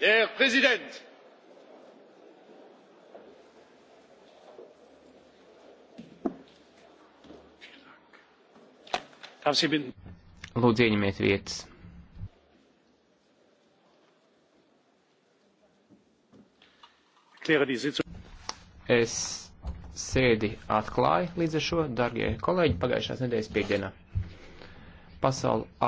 herr präsident! lūdzu ieņemiet vietas. Es sēdi atklāju līdz ar šo, darbie kolēģi, pagājušās nedēļas piekdienā. Pasaule